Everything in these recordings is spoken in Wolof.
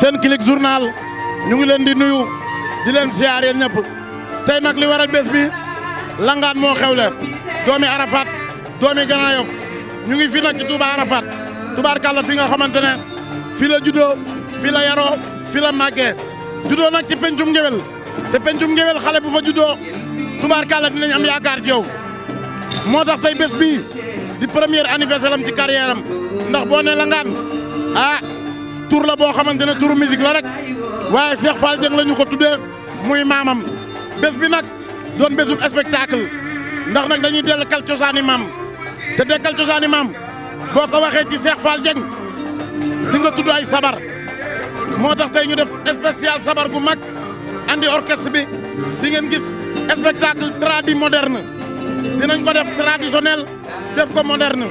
seen Senclic Journal ñu ngi leen di nuyu di leen siyaar yéen ñëpp tey nag li waral bés bi langaan moo xewle doomi Arafat doomi Grand Yoff ñu ngi fi nag ci Touba Arafat tubaarkàlla fi nga xamante ne fi la juddoo fi la yaroo fi la màggee juddoo nag ci pencum ngewel te pencum ngewel xale bu fa juddoo tubaarkàlla dinañ am yaakaar ci yow moo tax tey bés bii di premier anniversaire am ci carrière am ndax boo ne langaan ah tur la boo xamante ne turu musique la rek waaye Cheikh Fall Dieng la ñu ko tuddee muy maamam bés bi nag doon bésub spectacle ndax nag dañuy dellkal cosaani maam te dekkal cosaani maam boo ko waxee ci Cheikh Fall Dieng di nga tudd ay sabar moo tax tey ñu def spécial sabar gu mag andi orchestre bi di ngeen gis spectacle tradi moderne dinañ ko def traditionnel def ko moderne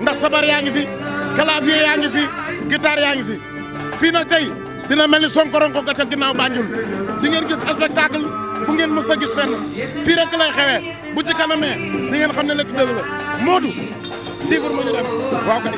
ndax sabar yaa ngi fi clavier yaa ngi fi guitare yaa ngi fi fii nag tey dina mel ni sonkoron ko ca ginnaaw Banjul di ngeen gis spectacle bu ngeen mës a gis fenn fii rek lay xewee bu ci kanamee di ngeen xam ne lépp dëgg la Modou siifur ma ñu dem waaw kay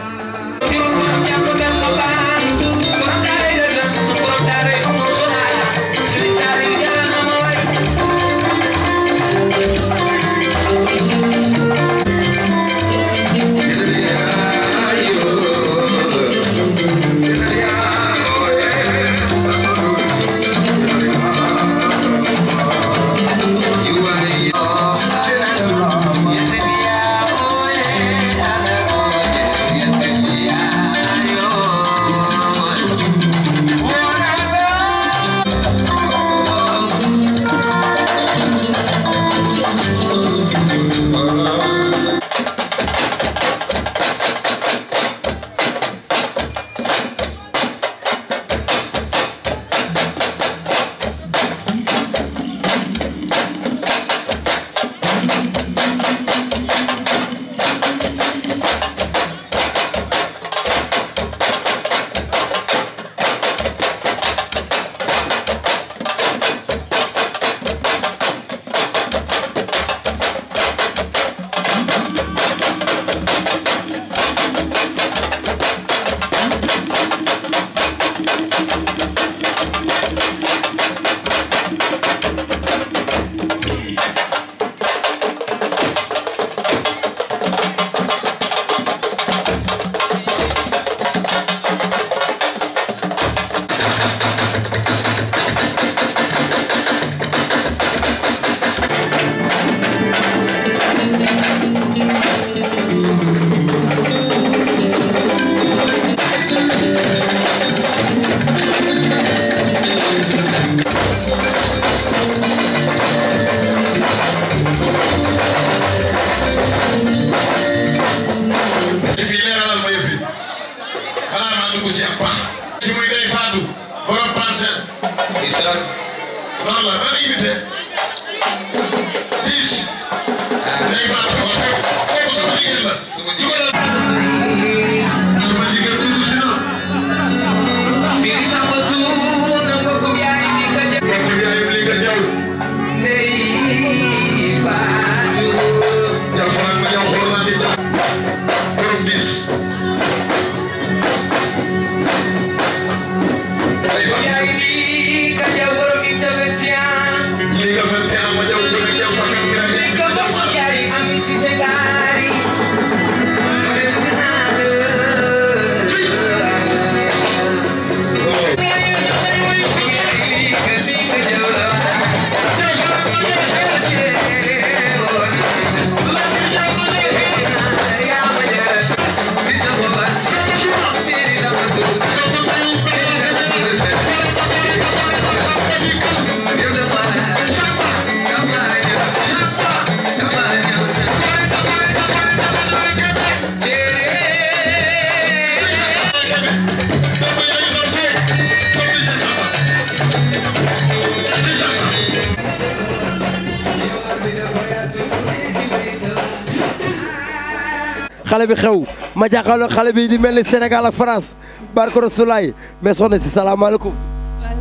xale bi xew ma jàkkaarloo xale bi di mel ni Sénégal ak France barke Rasulaay mais soxna si salaamaaleykum. salaam.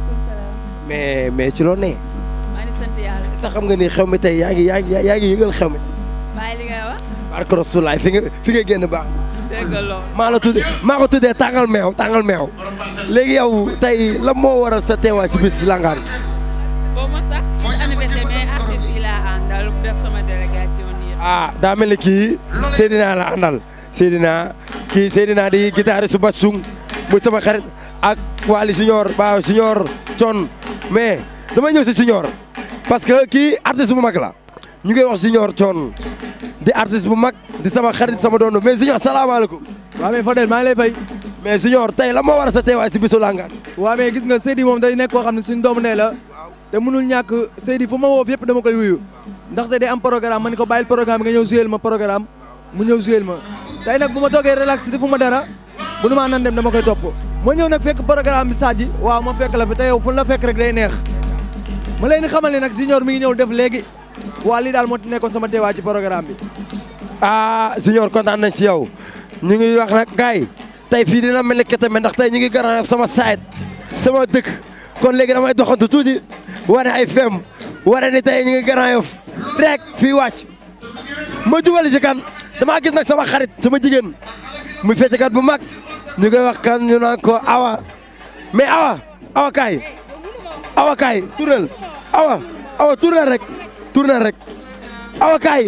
mais mais ci loo ne. maa ngi sax xam nga ni xew mi tey yaa ngi yaa ngi yaa ngi yëngal xew mi. barke Rasulaay fi nga fi nga génn baax. dégg maa tuddee tàngal meew tàngal meew. léegi yow tey lan moo waral sa teewaay ci bis langaan. Ah, daa mel Seydina la àndal naa kii Seydina di guitare su basung muy sama xarit ak Waly Signor Ba Signor Thion mais damay ñëw si Signor parce que kii artiste bu mag la ñu ngi wax Signor Thion di artiste bu mag di sama xarit sama doon mais Signor salaamaaleykum. waaw mais Fadel maa ngi lay fay. mais Signor tey la moo war a sa teewaay si bisu langaan. waaw mais gis nga Seydi moom day nekk koo xam ne suñu doomu ndey la te mënul ñàkk Seydi fu ma woo yëpp dama koy wuyu ndaxte day am programme ko bàyyil programme nga ñëw suyeel ma programme. mu ñëw suyel ma tey nag bu ma toogee relax defu ma dara bu nu maa nan dem dama koy topp ma ñëw nag fekk programme bi Sadji waaw ma fekk la fi te yow fekk rek day neex ma leen xamal ne nag junior mi ngi ñëw def léegi waa lii daal moo nekkoon sama teewaay ci programme bi. ah junior kontaan nañ si yow ñu ngi wax nag gars yi tey fii dina mel ni ketame ndax tey ñu ngi garaan sama saayit sama dëkk kon léegi damay doxantu tuuti wane ay fem wane ni tey ñu ngi garaan yof rek fii wàcc ma jubali ci damaa gis nag sama xarit sama jigéen muy feccikat bu mag ñu koy wax kan ñu naan ko awa mais awa awa kaay awa kaay tournel awa awa tournel rek tournel rek awa kaay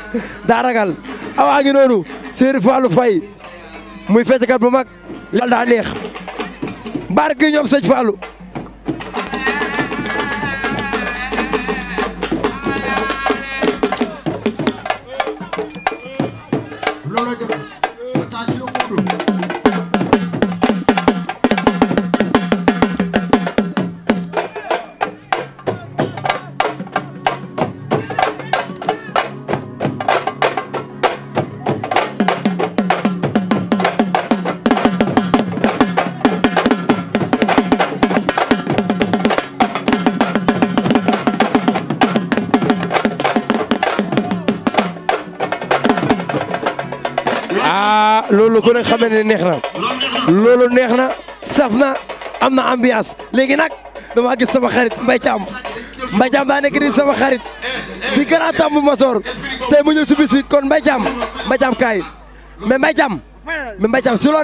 daa awa ngi noonu Serigne Fallou Faye muy feccikat bu mag loolu daa neex ñoom sëñ Fallou loolu ku ne xam neex na loolu neex na saf na am na ambiance léegi nag dama gis sama xarit Mbaye Thiam Mbaye Thiam daa sama xarit di garaatam bu ma soor tey mu ñëw si bis bi kon Mbaye Thiam Mbaye Thiam kaay mais Mbaye su loo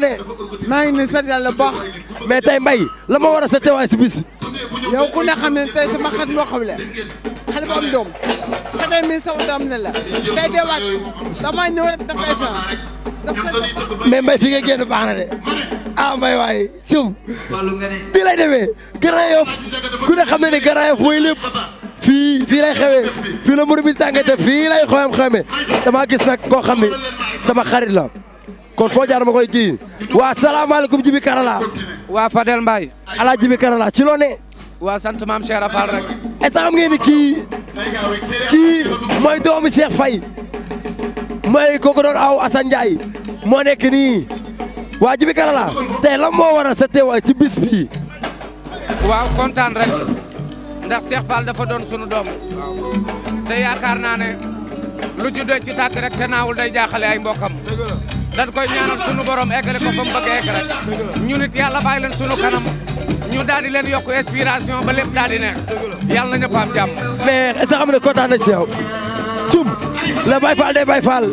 maa ngi nuyu sant yàlla baax mais tey Mbaye la ma war a sa teewaay si bis yow ku ne xam ne tey sama xarit moo xam le xale bu am doom xale mi sama doom ne la tey dee wàcc damay ñëw rek dafay fa mais mbay fi nga génn baax na de ah mbay waay sum bi lay demee Grand ku ne xam na ne Grand Yoff mooy lépp fii fii lay xewee fii la mburu bi fii lay xoyam xoyame damaa gis nag koo xam ne sama xarit la kon foo jaar koy kii waa salaamaaleykum Jibi Karala waa Fadel Mbaye ala Jibi Karala ci loo ne waa sant maam Cheikh Rafal rek état xam ngeen ni kii kii mooy doomu Cheikh Faye mooy kooku doon aw Assane Ndiaye moo nekk nii waa Djiby te la tey lan moo waral sa teewaay ci bis bii. waaw kontaan rek ndax Cheikh Fall dafa doon sunu doom te yaakaar naa ne lu juddoo ci tàkk rek te naawul day jaaxale ay mbokkam dañ koy ñaanal sunu borom eggale ko fa mu bëgg ñu nit yàlla bàyyi leen sunu kanam ñu daal di leen yokk inspiration ba lépp daal di neex yàlla na ñëpp am jàmm. mais est-ce que am na na si yow. le Baye Fall de Baye Fall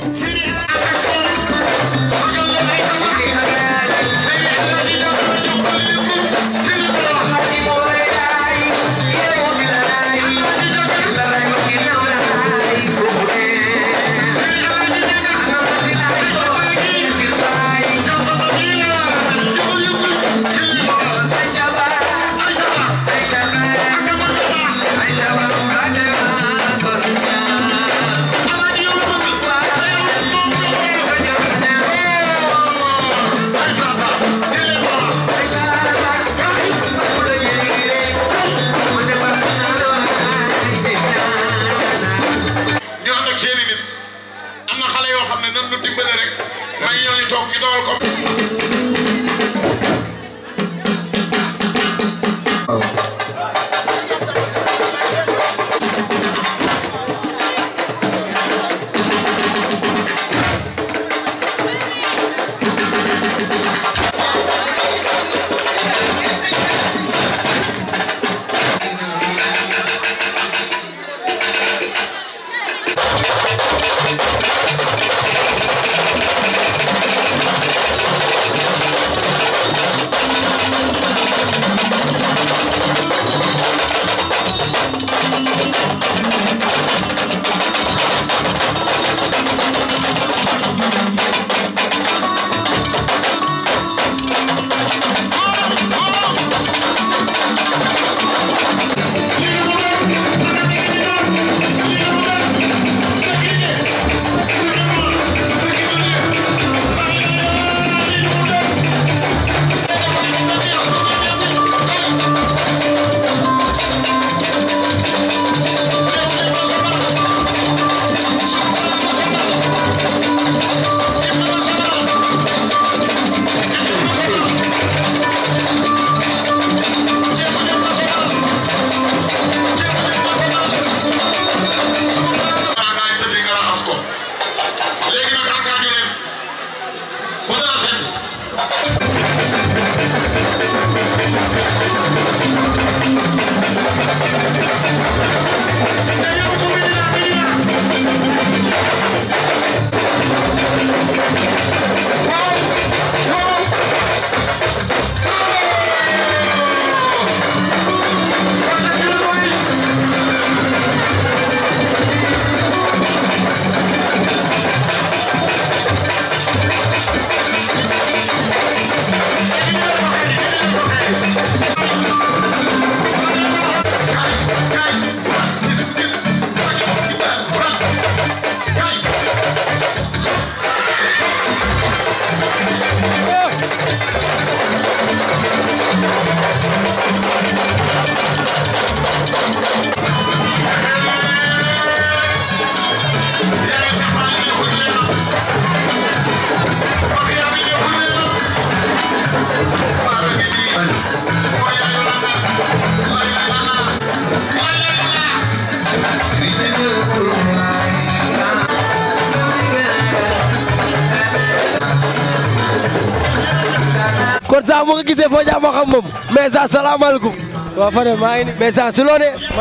Dieng foo jaa ma xam moom mais ça salaamaaleykum. waaw Fadé maa ngi mais ça si maa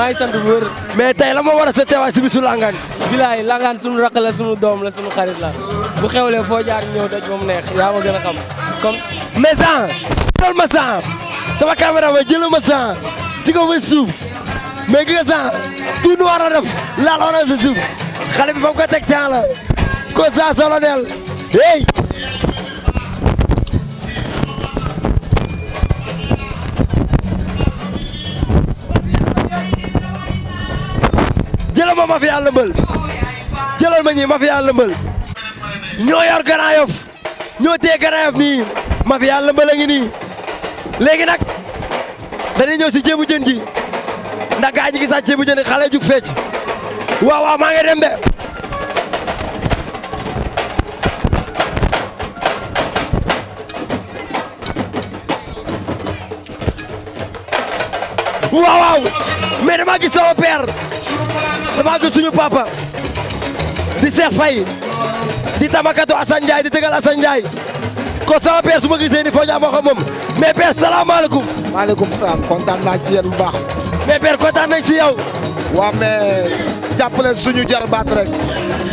ngi sant bu wér. la ma war a sa teewaay si bisu langaan. bilaay langaan sunu rakk la sunu doom la sunu xarit la bu xewlee foo jaar ñëw doj moom neex yaa ma gën a xam comme. mais ça. ma ça sama caméra ma jëlal ma ça ci gi nga ça tout noir a def laal sa suuf xale bi fa mu ko teg caa la ko ça solo hey. mafia lëmbal jëlal ma ñii mafia lëmbal ñoo yor Grand Yoff ñoo téye Grand Yoff nii mafia lëmbal a ngi nii léegi nag dañuy ñëw si ceebu jën ji ndax gaa ñi gisaat ceebu jën xale jug fecc waaw waaw maa ngi dem de waaw waaw mais dama gis sama damaa gis suñu papa di Cheikh Faye di tamakatu Assane Ndiaye di tegal Assane Ndiaye sama père su ma gisee ni foo ñu amoo ko moom mais père salaamaaleykum. maaleykum salaam kontaan naa ci yéen bu baax. mais père kontaan nañ ci yow. waaw mais jàppale suñu jarbaat rek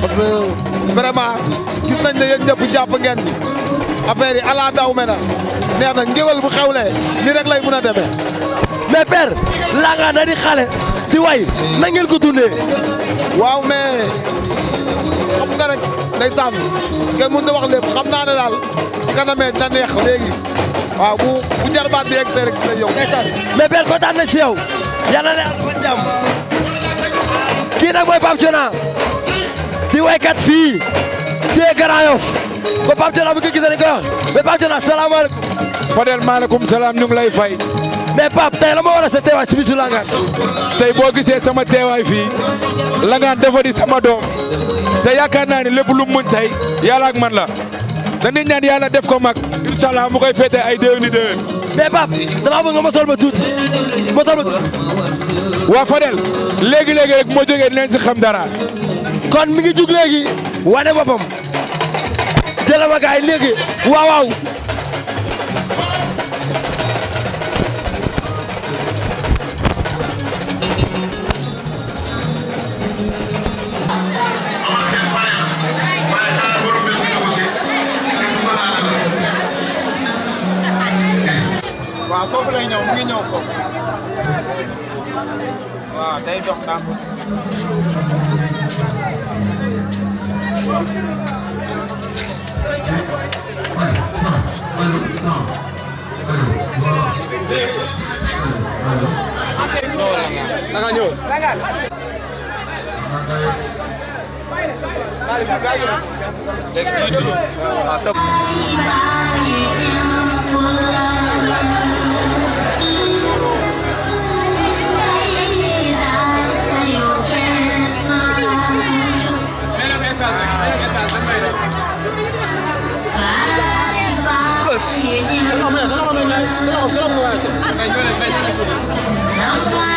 parce que vraiment gis nañ ne yéen ñëpp jàpp ngeen ci affaire yi ala daw me na neex na ngéwél bu xewlee ni rek lay mun a demee. mais père laa nga na di xale. di way na ngeen ko dundee. waaw mais xam nga rek ndeysaan kenn mënut wax lépp xam naa ne daal ci kanamee neex léegi waaw bu jarbaat bi egg rek dina yow. ndeysaan mais benn kontaan na ci yow yal na ne alxames jàmm kii nag mooy Pape Thiona di waykat fii dee Grand ko Pape Thiona bu ko gisee dañ koy wax mais Pape Thiona salaamaaleykum. Fadel maaleykum salaam ñu ngi lay fay. mais Pape tey la ma war sa teewaay si bisu Langaan. tey boo gisee sama teewaay fii Langaan dafa sama doom te yaakaar naa ne lépp lu mu mën tey yàlla ak man la dañuy ñaan yàlla def ko mag incha allah koy féetee ay déwénu déwén. mais Pape damaa bëgg nga mosal ma tuuti mosal ma tuuti. waa Fadel léegi léegi rek moo jógee dinañ si xam dara. kon mi ngi jug léegi wane boppam jëlal ma gars yi léegi waaw waaw. waaw foofu lay ñëw mu ngi ñëw foofu waaw day dox tànk Let's do it. Awesome. on, on, on, on, on,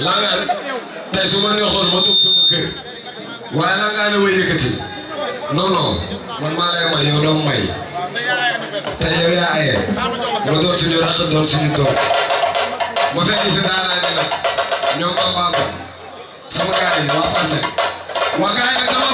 langaan tey su ma neexoon ma toog sama kër waaye langaan a way yëkkati non non man maa lay may yow doo may tey yow yaa aye nga doon suñu rakk doon suñu doom ma fekk si daanaa ne nag ñoom ma baaxoon sama gars yi waa passé waa gars yi nag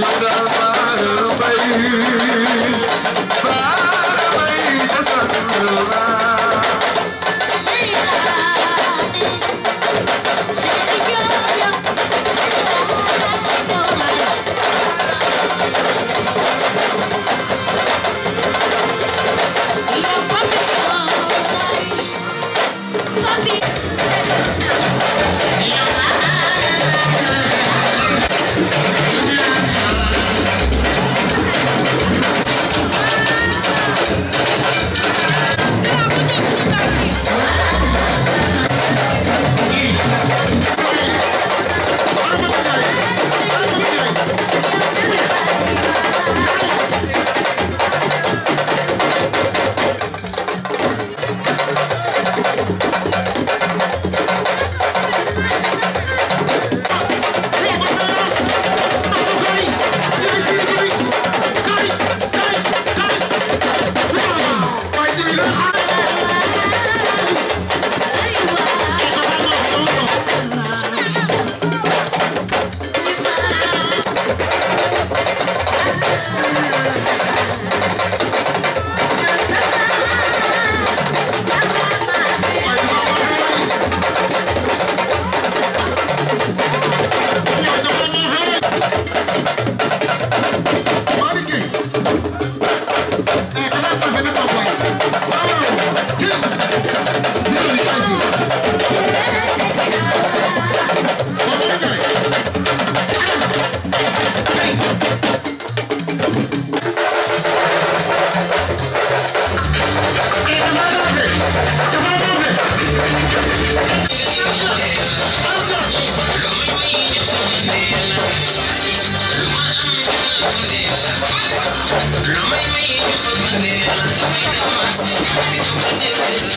Madam Bay.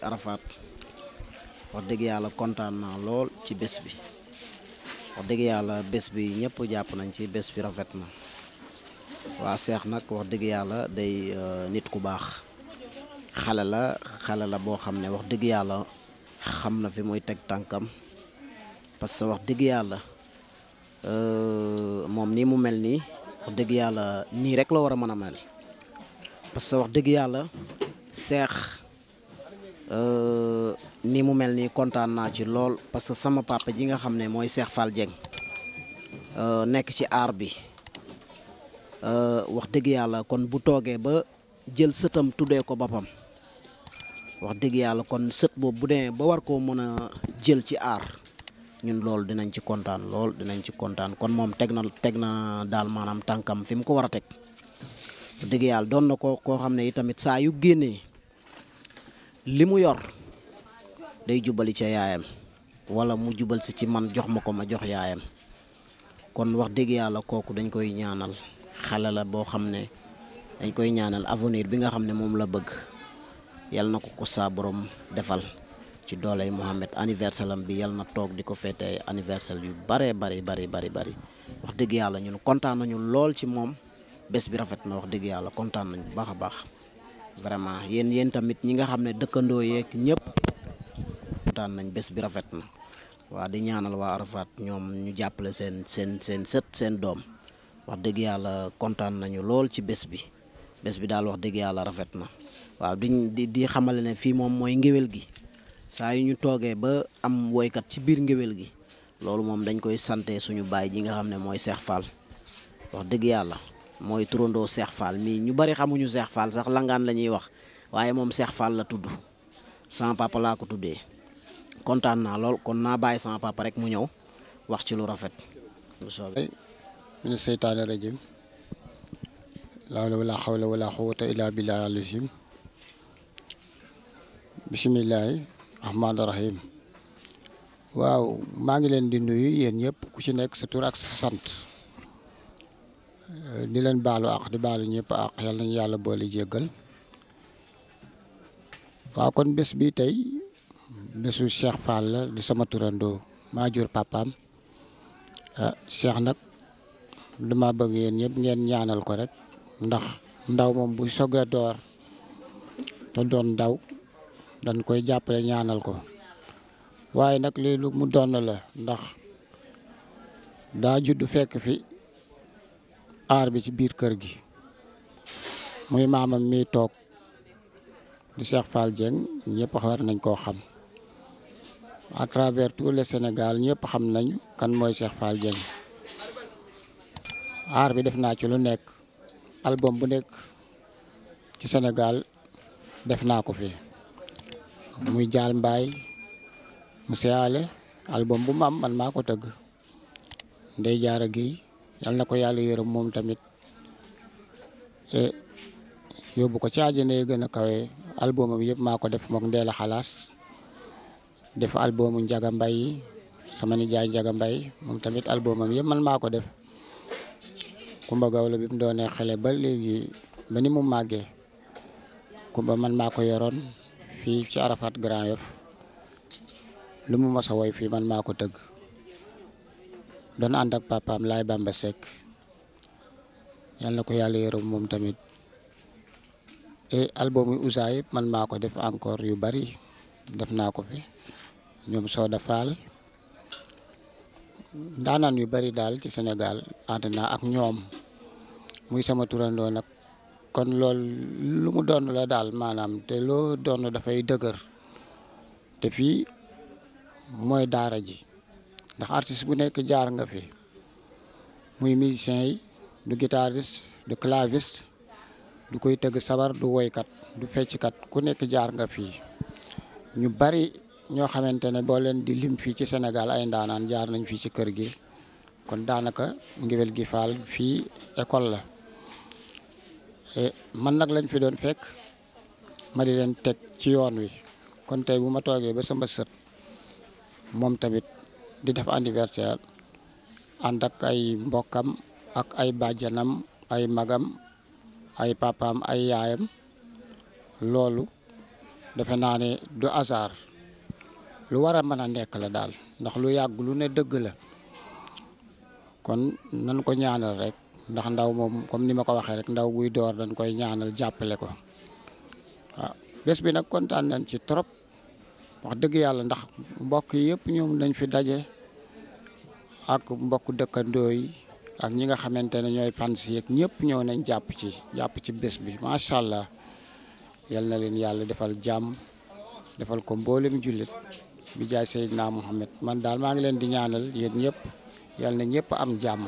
Arafat wax dëgg yàlla kontaan lool ci bés bi wax dëgg yàlla bés bi ñëpp jàpp nañ ci bés bi rafet na waa Seex nag wax dëgg yàlla day euh, nit ku baax xale la xale la boo xam ne wax dëgg yàlla xam na fi muy teg tànkam parce que wax dëgg yàlla euh, moom nii mu mel nii wax dëgg yàlla nii rek la war a mën a mel. parce que wax dëgg yàlla seex euh, ni mu mel nii kontaan naa ci lool parce que sama papa ji nga xam ne mooy Seex Fall Dieng euh, nekk ci aar bi euh, wax dëgg yàlla kon bu toogee ba jël sëtam tuddee ko boppam wax dëgg yàlla kon sët boobu bu demee ba war koo mën a jël ci aar ñun loolu dinañ ci kontaan lool dinañ ci kontaan kon moom teg na teg na daal maanaam tànkam fi mu ko war a teg te dëgg yàlla doon na ko koo xam ne itamit saa yu génnee li mu yor day jubali ca yaayam wala mu jubal si ci man jox ma ko ma jox yaayam kon wax dëgg yàlla kooku dañ koy ñaanal xale la boo xam ne dañ koy ñaanal avenir bi nga xam ne moom la bëgg yal na ko ko saa borom defal ci dooley Mohamed anniversaire bi yal na toog di ko feete anniversaire yu bare bari bari bari wax dëgg yàlla ñun kontaan nañu lool ci moom bes bi rafet na wax dëgg yàlla kontaan nañ bu baax a baax vraiment yéen yéen tamit ñi nga xam ne dëkkandoo yeeg ñëpp kontaan nañ bés bi rafet na waa di ñaanal waa Arafat ñoom ñu jàppale seen seen seen sët seen doom wax dëgg yàlla kontaan nañu lool ci bés bi bés bi daal wax dëgg yàlla rafet na waaw di di di xamale ne fii moom mooy ngéwél gi saa yi ñu toogee ba am woykat ci biir ngéwél gi loolu moom dañ koy sante suñu baay ji nga xam ne mooy Seex Fall wax dëgg yàlla mooy turandoo Cheikh Fall mii ñu bari xamuñu seex Fall sax langaan la ñuy wax waaye moom seex Fall la tudd sama papa laa ko tuddee kontaan naa lool kon naa bàyyi sama papa rek mu ñëw wax ci lu rafet. mina seytaane rajim laa wala xawla wala xuwata illa billahi alisim bisimilahi rahmaani rahim waaw maa ngi leen di nuyu yéen ñëpp ku ci nekk sa tur sa sant Euh, di leen baalu àq di baalu ñëpp àq yal nañu yàlla boole jéggal waaw kon bés bi tey bésu Cheikh Fall la di sama turandoo maa jur papaam ah Cheikh nag dama bëgg yéen ñëpp ngeen ñaanal ko rek ndax ndaw moom bu soggee door te doon ndaw dañ koy jàppale ñaanal ko waaye nag lii lu mu doon la ndax daa judd fekk fi aar bi ci biir kër gi muy maamam mi toog di Cheikh Fall Dieng ñëpp war nañ koo xam à travers ñëpp xam nañu kan mooy Cheikh Fall Dieng aar bi def naa ci lu nekk album bu nekk ci senegal def naa ko fi muy jaal mbaay mu seyaale album bu mam man maa tëgg ndey jaara géey yal na ko yàlla yërëm moom tamit e, yóbbu ko ci àjjana yu gën a kawe albumam yëpp maa ko def mook Ndella Xalass def albumu Njaga Mbay yi sama nijaay Njaga Mbay moom tamit albumam yëpp man maa ko def Kumba Gawlo bi mu doonee xale ba léegi ba ni mu màggee Kumba man maa ko yoroon fii ci Arafat Grand Yoff lu mu mos a woy fii man maa ko tëgg doon ànd ak papaam Laay Bamba Seck yal na ko yàlla yërëm moom tamit et album yu Ouza yëpp man maa ko def encore yu bari def naa ko fi ñoom Soda Fall ndaanaan yu bari daal ci Sénégal ànd naa ak ñoom muy sama turandoo kon loolu lu mu doon la daal maanaam te loo doon dafay dëgër te fii mooy daara ji. ndax artiste bu nekk jaar nga fi muy musicien yi du guitariste du claviste du koy tëgg sabar du woykat du fecckat ku nekk jaar nga fi ñu bari ñoo xamante ne boo leen di lim fii ci Sénégal ay ndaanaan jaar nañ fii ci kër gi kon daanaka ngéwél gi faal fii école la e, man nag lañ fi doon fekk madi leen teg ci yoon wi kon tey bu ma toogee ba sama sët moom tamit di def anniversaire ànd ak ay mbokkam ak ay bàjjanam ay magam ay papaam ay yaayam loolu defe naa ne du hasard lu war a mën a nekk la daal ndax lu yàgg lu ne dëgg la kon nan ko ñaanal rek ndax ndaw moom comme ni ma ko waxee rek ndaw guy door dañ koy ñaanal jàppale ko waaw bés bi nag kontaan nañ ci trop. wax dëgg yàlla ndax mbokk yëpp ñoom dañ fi daje ak mbokk dëkkandoo yi ak ñi nga xamante ne ñooy fans yeeg ñëpp ñëw nañ jàpp ci jàpp ci bés bi macha allah yal na leen yàlla defal jàmm defal ko mboolem jullit bi jaay Seydina Muhammad man daal maa ngi leen di ñaanal yéen ñëpp yal na ñëpp am jàmm.